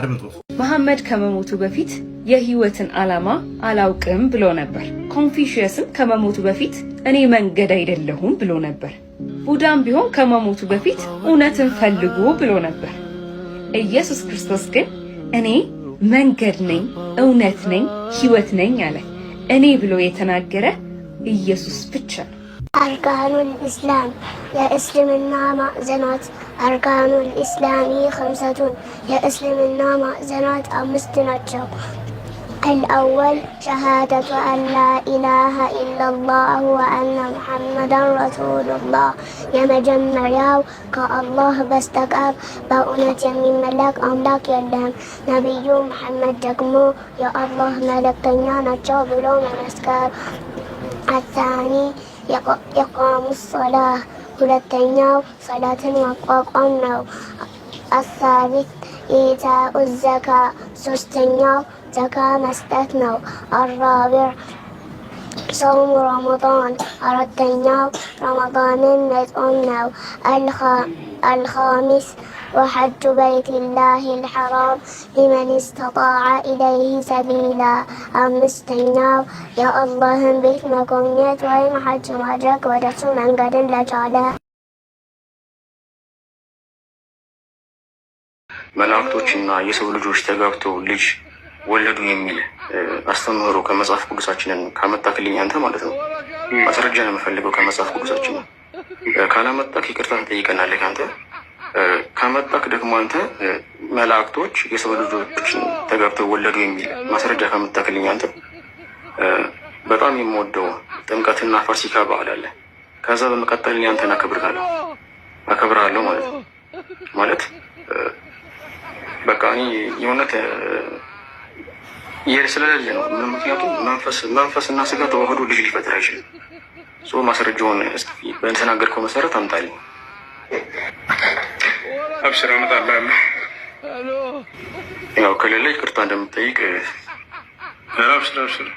አድምጡት። መሐመድ ከመሞቱ በፊት የህይወትን ዓላማ አላውቅም ብሎ ነበር። ኮንፊሽየስም ከመሞቱ በፊት እኔ መንገድ አይደለሁም ብሎ ነበር። ቡዳም ቢሆን ከመሞቱ በፊት እውነትን ፈልጉ ብሎ ነበር። ኢየሱስ ክርስቶስ ግን እኔ መንገድ ነኝ፣ እውነት ነኝ፣ ህይወት ነኝ አለ። እኔ ብሎ የተናገረ ኢየሱስ ብቻ ነው። አርካኑል እስላም የእስልምና ማዕዘናት أركان الإسلام خمسة يا أسلم النوم زنات أو مستنجو الأول شهادة أن لا إله إلا الله وأن محمدا رسول الله يا مجمع ياو كا الله بستقاب باونة من ملك أملاك يلهم نبي محمد جكمو يا الله ملك تنيانا تشابلو من أسكار الثاني يقام الصلاة ሁለተኛው ጸሎትን ማቋቋም ነው። አሳቢት ኢታኡ ዘካ ሶስተኛው ዘካ መስጠት الرابع صوم رمضان ረመዳን አራተኛው ረመዳንን መጾም ነው። አልኻሚስ وحج بيت الله الحرام لمن استطاع إليه سبيلا أمستنا يا الله بيت مكونيت وين حج مجاك ودسو من قدم لجالا መላእክቶችና የሰው ልጆች ተጋብተው ልጅ ወለዱ የሚል አስተምህሮ ከመጽሐፍ ቅዱሳችንን ካመጣክልኝ አንተ ማለት ነው ማስረጃ ነው የምፈልገው። ከመጽሐፍ ቅዱሳችን ካላመጣክ ይቅርታ ትጠይቀናለህ አንተ። ከመጣክ ደግሞ አንተ መላእክቶች የሰው ልጆች ተጋብተው ወለዱ የሚል ማስረጃ ከመጣክልኝ አንተ በጣም የምወደው ጥምቀትና ፋሲካ በዓል አለ። ከዛ በመቀጠል አንተን አከብርሃለሁ አከብርሃለሁ ማለት ነው ማለት በቃ እኔ የእውነት ይሄ ስለሌለ ነው። ምክንያቱም መንፈስና ስጋ ተዋህዶ ልጅ ሊፈጥር አይችልም። ሶ ማስረጃውን በተናገርከው መሰረት አምጣል። አብሽር አመጣልሃለሁ። ያው ከሌለ ይቅርታ እንደምጠይቅ አብሽር አብሽር።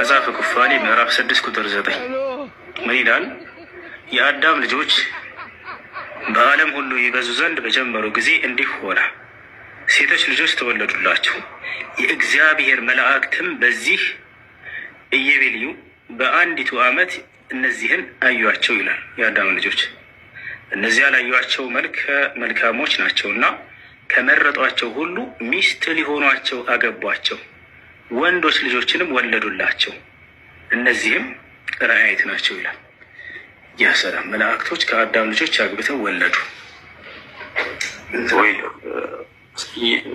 መጽሐፈ ኩፋሌ ምዕራፍ ስድስት ቁጥር ዘጠኝ ምን ይላል? የአዳም ልጆች በዓለም ሁሉ ይበዙ ዘንድ በጀመሩ ጊዜ እንዲህ ሆነ። ሴቶች ልጆች ተወለዱላቸው። የእግዚአብሔር መላእክትም በዚህ እየቤልዩ በአንዲቱ ዓመት እነዚህን አዩቸው ይላል። የአዳም ልጆች እነዚያ ላዩአቸው መልከ መልካሞች ናቸውና ከመረጧቸው ሁሉ ሚስት ሊሆኗቸው አገቧቸው፣ ወንዶች ልጆችንም ወለዱላቸው። እነዚህም ራእያት ናቸው ይላል። ያሰራ መላእክቶች ከአዳም ልጆች አግብተው ወለዱ።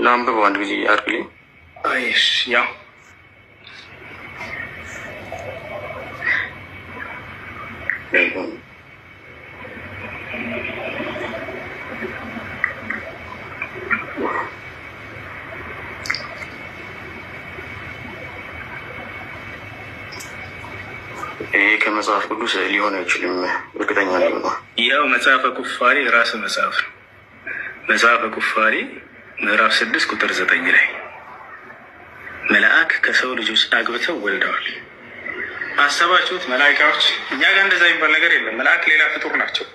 ለአንብበው አንድ ጊዜ አይሽ ያው Thank መጽሐፍ ቅዱስ ሊሆን አይችልም። እርግጠኛ ሊሆነ ያው መጽሐፈ ኩፋሌ ራስ መጽሐፍ ነው። መጽሐፈ ኩፋሌ ምዕራፍ ስድስት ቁጥር ዘጠኝ ላይ መልአክ ከሰው ልጆች አግብተው ወልደዋል። አሰባችሁት? መላይካዎች እኛ ጋር እንደዛ የሚባል ነገር የለም። መልአክ ሌላ ፍጡር ናቸው።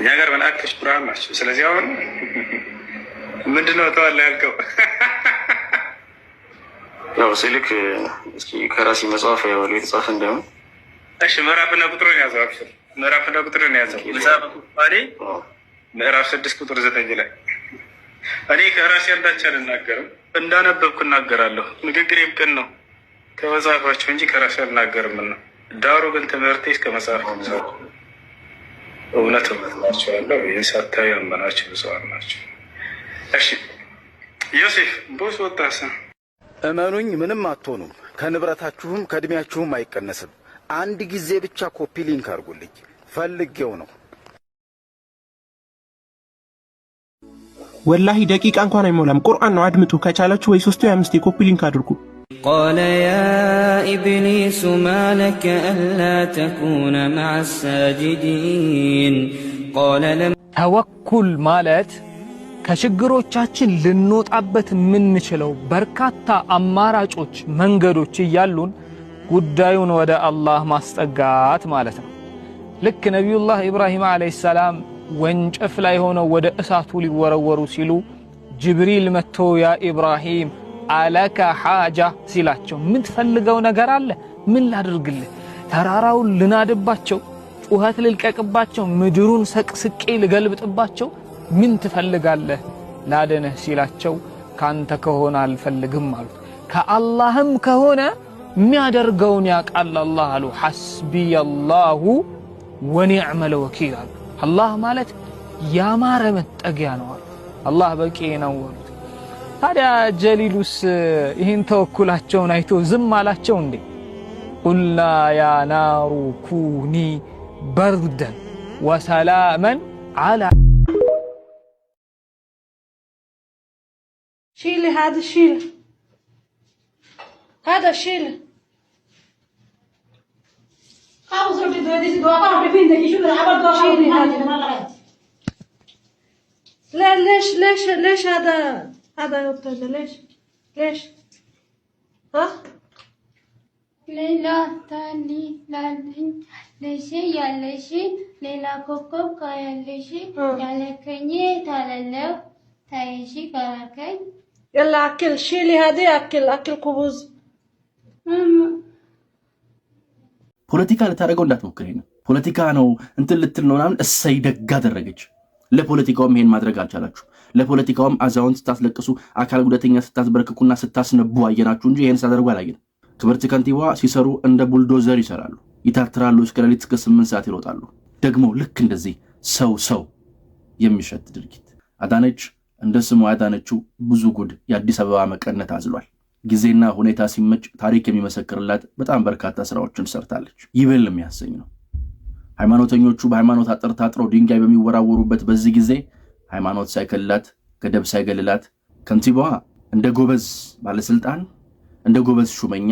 እኛ ጋር መልአክቶች ብርሃን ናቸው። ስለዚህ አሁን ምንድነው ተዋላ ያልከው? ያው ስልክ እስኪ ከራሴ መጽሐፍ የተጻፈ እንደሆነ እሺ ምዕራፍና ቁጥርን ያዘው። አብሽር ምዕራፍና ቁጥርን ያዘው። መጽሐፈ ቁርባኔ ምዕራፍ ስድስት ቁጥር ዘጠኝ ላይ እኔ ከራሴ አንዳች አልናገርም፣ እንዳነበብኩ እናገራለሁ። ንግግሬም ቅን ነው ከመጽሐፋቸው እንጂ ከራሴ አልናገርም ነው። ዳሩ ግን ትምህርቴ እስከ መጽሐፍ እውነት እላችኋለሁ፣ ይህን ሳታዩ ያመናችሁ ብፁዓን ናቸው እሺ ዮሴፍ ቦስ ወጣሰ እመኑኝ፣ ምንም አትሆኑም፣ ከንብረታችሁም ከእድሜያችሁም አይቀነስም። አንድ ጊዜ ብቻ ኮፒ ሊንክ አድርጉልኝ ፈልጌው ነው። ወላሂ ደቂቃ እንኳን አይሞላም። ቁርአን ነው አድምጡ። ከቻላችሁ ወይ ሶስቱ የአምስት ኮፒ ሊንክ አድርጉ። يا ያ ما لك አላ تكون مع الساجدين قال لم توكل ማለት ከችግሮቻችን ልንወጣበት የምንችለው በርካታ አማራጮች መንገዶች እያሉን ጉዳዩን ወደ አላህ ማስጠጋት ማለት ነው። ልክ ነቢዩላህ ኢብራሂም ዓለይሂ ሰላም ወንጨፍ ላይ ሆነው ወደ እሳቱ ሊወረወሩ ሲሉ ጅብሪል መጥቶ ያ ኢብራሂም አለከ ሓጃ ሲላቸው የምትፈልገው ነገር አለ? ምን ላድርግልህ? ተራራውን ልናድባቸው፣ ጩኸት ልልቀቅባቸው፣ ምድሩን ሰቅስቄ ልገልብጥባቸው፣ ምን ትፈልጋለህ? ላደነህ ሲላቸው ካንተ ከሆነ አልፈልግም አሉት። ከአላህም ከሆነ ميادر قونيك على الله حسبي الله ونعم الوكيل الله مالت يا مارمت أجيانه الله بكينا ورد هذا جليلوس إن توكل هاتشون هيتو زم على هاتشون دي قلنا يا نار كوني بردا وسلاما على شيل هذا شيل هذا شيل لا ليش ليش ليش هذا هذا يبتدى ليش ليش ها ليلى تالي لالين ليشي يا ليشي ليلى كوكو كايا ليشي يا لكني تاللو تايشي كراكي يلا اكل شيلي هذه اكل اكل كبوز ፖለቲካ ልታደርገው እንዳትሞክር ነው። ፖለቲካ ነው እንትን ልትል ነው ምናምን። እሰይ ደግ አደረገች። ለፖለቲካውም ይሄን ማድረግ አልቻላችሁ። ለፖለቲካውም አዛውንት ስታስለቅሱ፣ አካል ጉዳተኛ ስታስበረክኩና ስታስነቡ አየናችሁ እንጂ ይህን ስታደርጉ አላየን። ክብርት ከንቲባ ሲሰሩ እንደ ቡልዶዘር ይሰራሉ፣ ይታትራሉ፣ እስከ ሌሊት እስከ ስምንት ሰዓት ይሮጣሉ። ደግሞ ልክ እንደዚህ ሰው ሰው የሚሸት ድርጊት አዳነች እንደ ስሙ ያዳነችው ብዙ ጉድ የአዲስ አበባ መቀነት አዝሏል። ጊዜና ሁኔታ ሲመች ታሪክ የሚመሰክርላት በጣም በርካታ ስራዎችን ሰርታለች። ይብል የሚያሰኝ ነው። ሃይማኖተኞቹ በሃይማኖት አጥር ታጥረው ድንጋይ በሚወራወሩበት በዚህ ጊዜ ሃይማኖት ሳይከልላት፣ ገደብ ሳይገልላት ከንቲባዋ እንደ ጎበዝ ባለስልጣን እንደ ጎበዝ ሹመኛ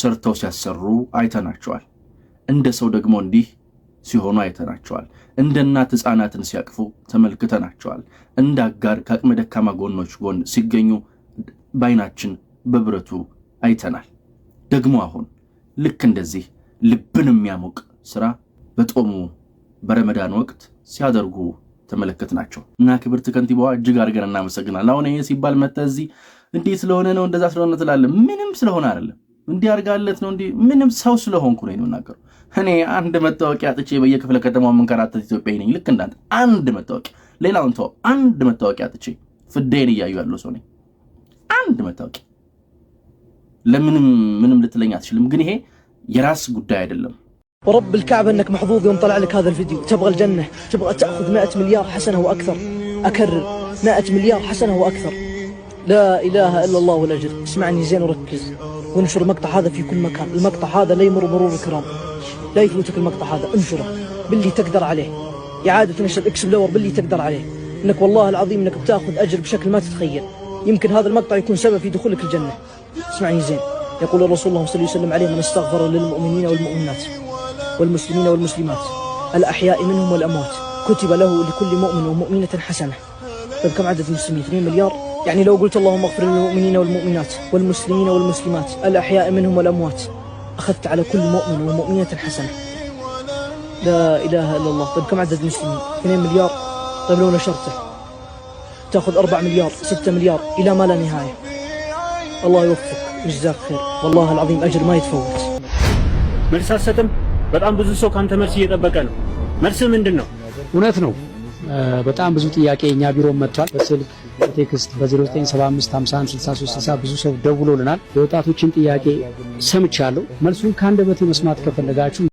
ሰርተው ሲያሰሩ አይተናቸዋል። እንደ ሰው ደግሞ እንዲህ ሲሆኑ አይተናቸዋል። እንደ እናት ህፃናትን ሲያቅፉ ተመልክተናቸዋል። እንደ አጋር ከአቅመ ደካማ ጎኖች ጎን ሲገኙ በዓይናችን በብረቱ አይተናል። ደግሞ አሁን ልክ እንደዚህ ልብን የሚያሞቅ ስራ በጦሙ በረመዳን ወቅት ሲያደርጉ ተመለከት ናቸው እና ክብርት ከንቲባዋ እጅግ አድርገን እናመሰግናል። አሁን ይሄ ሲባል መጠ እዚህ እንዲህ ስለሆነ ነው እንደዛ ስለሆነ ትላለን። ምንም ስለሆነ አይደለም እንዲህ አድርጋለት ነው እንዲህ ምንም ሰው ስለሆንኩ ነው የምናገረው። እኔ አንድ መታወቂያ አጥቼ በየክፍለ ከተማው የምንከራተት ኢትዮጵያዊ ነኝ። ልክ እንዳንተ አንድ መታወቂያ ሌላውን ተው፣ አንድ መታወቂያ አጥቼ ፍዳይን እያዩ ያለው ሰው ነኝ። አንድ መታወቂያ ለምንም ምንም ልትለኝ አትችልም። ግን ይሄ የራስ ጉዳይ አይደለም። ورب الكعبة انك محظوظ يوم طلع لك هذا الفيديو تبغى الجنة تبغى تأخذ 100 مليار حسنة وأكثر أكرر 100 مليار حسنة وأكثر لا إله إلا الله والأجر اسمعني زين وركز وانشر المقطع هذا في كل مكان المقطع هذا لا يمر مرور الكرام لا يفوتك المقطع هذا انشره باللي تقدر عليه إعادة نشر اكسبلور باللي تقدر عليه انك والله العظيم انك بتاخذ أجر بشكل ما تتخيل يمكن هذا المقطع يكون سبب في دخولك الجنة اسمعني زين يقول الرسول الله صلى الله عليه وسلم عليه من استغفر للمؤمنين والمؤمنات والمسلمين والمسلمات الأحياء منهم والأموات كتب له لكل مؤمن ومؤمنة حسنة طيب كم عدد المسلمين 2 مليار يعني لو قلت اللهم اغفر للمؤمنين والمؤمنات والمسلمين والمسلمات الأحياء منهم والأموات أخذت على كل مؤمن ومؤمنة حسنة لا إله إلا الله طيب كم عدد المسلمين 2 مليار طيب لو نشرته تأخذ 4 مليار 6 مليار إلى ما لا نهاية الله يوفقك جزاك خير والله العظيم اجر ما يتفوت መልስ አትሰጥም? በጣም ብዙ ሰው ካንተ መልስ እየጠበቀ ነው። መልስ ምንድን ነው? እውነት ነው። በጣም ብዙ ጥያቄ እኛ ቢሮ መጥቷል። በስልክ በቴክስት በ0975516360 ብዙ ሰው ደውሎልናል። የወጣቶችን ጥያቄ ሰምቻለሁ። መልሱን ከአንደበቴ መስማት ከፈለጋችሁ